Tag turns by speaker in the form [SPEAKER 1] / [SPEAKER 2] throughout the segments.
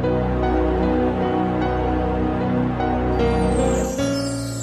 [SPEAKER 1] Thank you.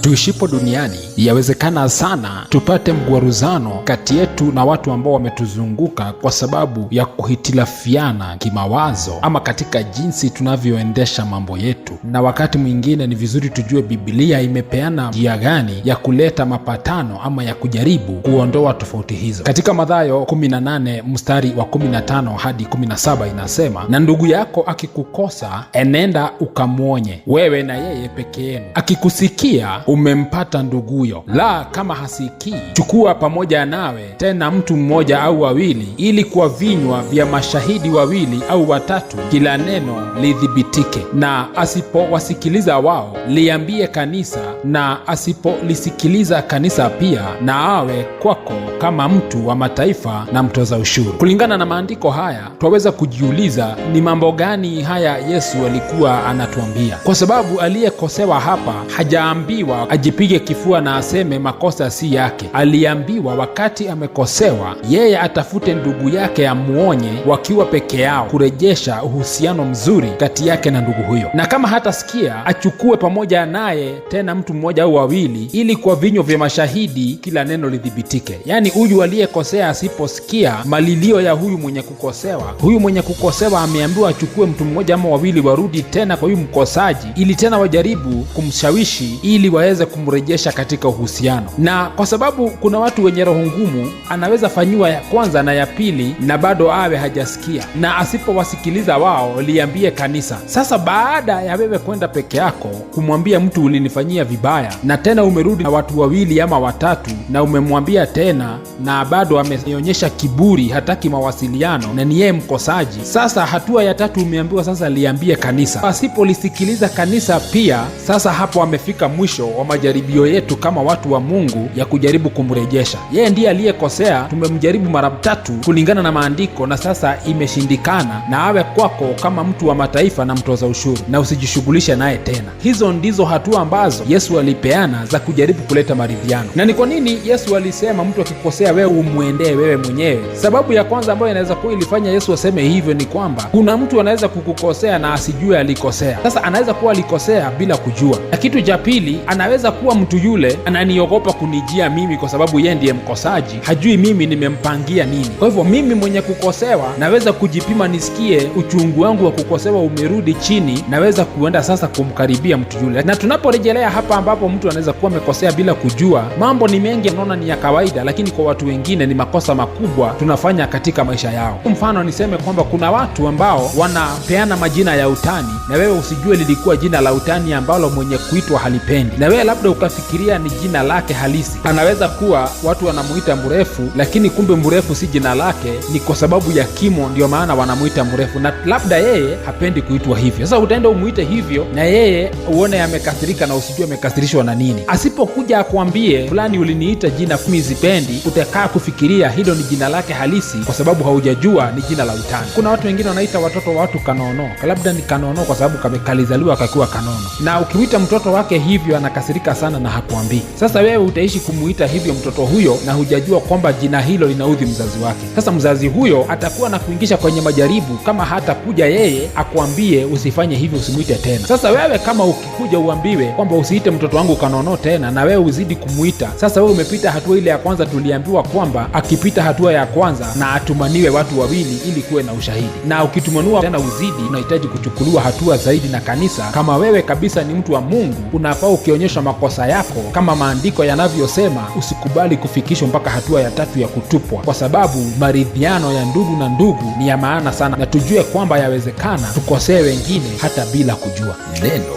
[SPEAKER 1] tuishipo duniani, yawezekana sana tupate mgwaruzano kati yetu na watu ambao wametuzunguka kwa sababu ya kuhitilafiana kimawazo ama katika jinsi tunavyoendesha mambo yetu. Na wakati mwingine ni vizuri tujue Biblia imepeana njia gani ya kuleta mapatano ama ya kujaribu kuondoa tofauti hizo. Katika Mathayo 18 mstari wa 15 hadi 17 inasema, na ndugu yako akikukosa enenda ukamwonye wewe na yeye peke yenu, akikusikia umempata nduguyo. La kama hasikii, chukua pamoja nawe tena mtu mmoja au wawili, ili kwa vinywa vya mashahidi wawili au watatu kila neno lidhibitike. Na asipowasikiliza wao, liambie kanisa, na asipolisikiliza kanisa pia, na awe kwako kama mtu wa mataifa na mtoza ushuru. Kulingana na maandiko haya, twaweza kujiuliza ni mambo gani haya Yesu alikuwa anatuambia, kwa sababu aliyekosewa hapa hajaambiwa ajipige kifua na aseme makosa si yake. Aliambiwa wakati amekosewa, yeye atafute ndugu yake amuonye, wakiwa peke yao, kurejesha uhusiano mzuri kati yake na ndugu huyo, na kama hatasikia achukue pamoja naye tena mtu mmoja au wawili, ili kwa vinywa vya mashahidi kila neno lidhibitike. Yaani huyu aliyekosea asiposikia malilio ya huyu mwenye kukosewa, huyu mwenye kukosewa ameambiwa achukue mtu mmoja ama wawili, warudi tena kwa huyu mkosaji, ili tena wajaribu kumshawishi ili waweze aweze kumrejesha katika uhusiano, na kwa sababu kuna watu wenye roho ngumu, anaweza fanyiwa ya kwanza na ya pili na bado awe hajasikia, na asipowasikiliza wao liambie kanisa. Sasa baada ya wewe kwenda peke yako kumwambia mtu ulinifanyia vibaya, na tena umerudi na watu wawili ama watatu, na umemwambia tena, na bado ameonyesha kiburi, hataki mawasiliano na ni yeye mkosaji. Sasa hatua ya tatu umeambiwa sasa liambie kanisa, asipolisikiliza kanisa pia, sasa hapo amefika mwisho majaribio yetu kama watu wa Mungu ya kujaribu kumrejesha. Yeye ndiye aliyekosea, tumemjaribu mara tatu kulingana na maandiko, na sasa imeshindikana, na awe kwako kama mtu wa mataifa na mtoza ushuru, na usijishughulishe naye tena. Hizo ndizo hatua ambazo Yesu alipeana za kujaribu kuleta maridhiano. Na ni kwa nini Yesu alisema mtu akikosea, wewe umwendee wewe mwenyewe? Sababu ya kwanza ambayo inaweza kuwa ilifanya Yesu aseme hivyo ni kwamba kuna mtu anaweza kukukosea na asijue alikosea. Sasa anaweza kuwa alikosea bila kujua, na kitu cha pili anaweza inaweza kuwa mtu yule ananiogopa kunijia mimi kwa sababu yeye ndiye mkosaji, hajui mimi nimempangia nini. Kwa hivyo mimi mwenye kukosewa naweza kujipima, nisikie uchungu wangu wa kukosewa umerudi chini, naweza kuenda sasa kumkaribia mtu yule. Na tunaporejelea hapa, ambapo mtu anaweza kuwa amekosea bila kujua, mambo ni mengi, anaona ni ya kawaida, lakini kwa watu wengine ni makosa makubwa tunafanya katika maisha yao. Mfano, niseme kwamba kuna watu ambao wanapeana majina ya utani na wewe usijue lilikuwa jina la utani ambalo mwenye kuitwa halipendi na wewe labda ukafikiria ni jina lake halisi. Anaweza kuwa watu wanamuita mrefu, lakini kumbe mrefu si jina lake, ni kwa sababu ya kimo, ndio maana wanamuita mrefu, na labda yeye hapendi kuitwa hivyo. Sasa utaenda umuite hivyo, na yeye uone amekasirika, na usijue amekasirishwa na nini. Asipokuja akwambie fulani, uliniita jina kumi zipendi utakaa kufikiria hilo ni jina lake halisi, kwa sababu haujajua ni jina la utani. Kuna watu wengine wanaita watoto wa watu kanono, labda ni kanono kwa sababu kalizaliwa kakiwa kanono, na ukiwita mtoto wake hivyo anaka alikasirika sana na hakuambii. Sasa wewe utaishi kumuita hivyo mtoto huyo na hujajua kwamba jina hilo linaudhi mzazi wake. Sasa mzazi huyo atakuwa na kuingisha kwenye majaribu kama hata kuja yeye akuambie usifanye hivyo, usimwite tena. Sasa wewe kama ukikuja uambiwe kwamba usiite mtoto wangu Kanono tena na wewe uzidi kumuita, sasa wewe umepita hatua ile ya kwanza. Tuliambiwa kwamba akipita hatua ya kwanza na atumaniwe watu wawili ili kuwe na ushahidi, na ukitumanua tena uzidi, unahitaji kuchukuliwa hatua zaidi na kanisa. Kama wewe kabisa ni mtu wa Mungu, unafaa ukionyesha kukanusha makosa yako kama maandiko yanavyosema, usikubali kufikishwa mpaka hatua ya tatu ya kutupwa, kwa sababu maridhiano ya ndugu na ndugu ni ya maana sana, na tujue kwamba yawezekana tukosee wengine hata bila kujua. Neno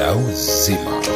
[SPEAKER 1] la Uzima.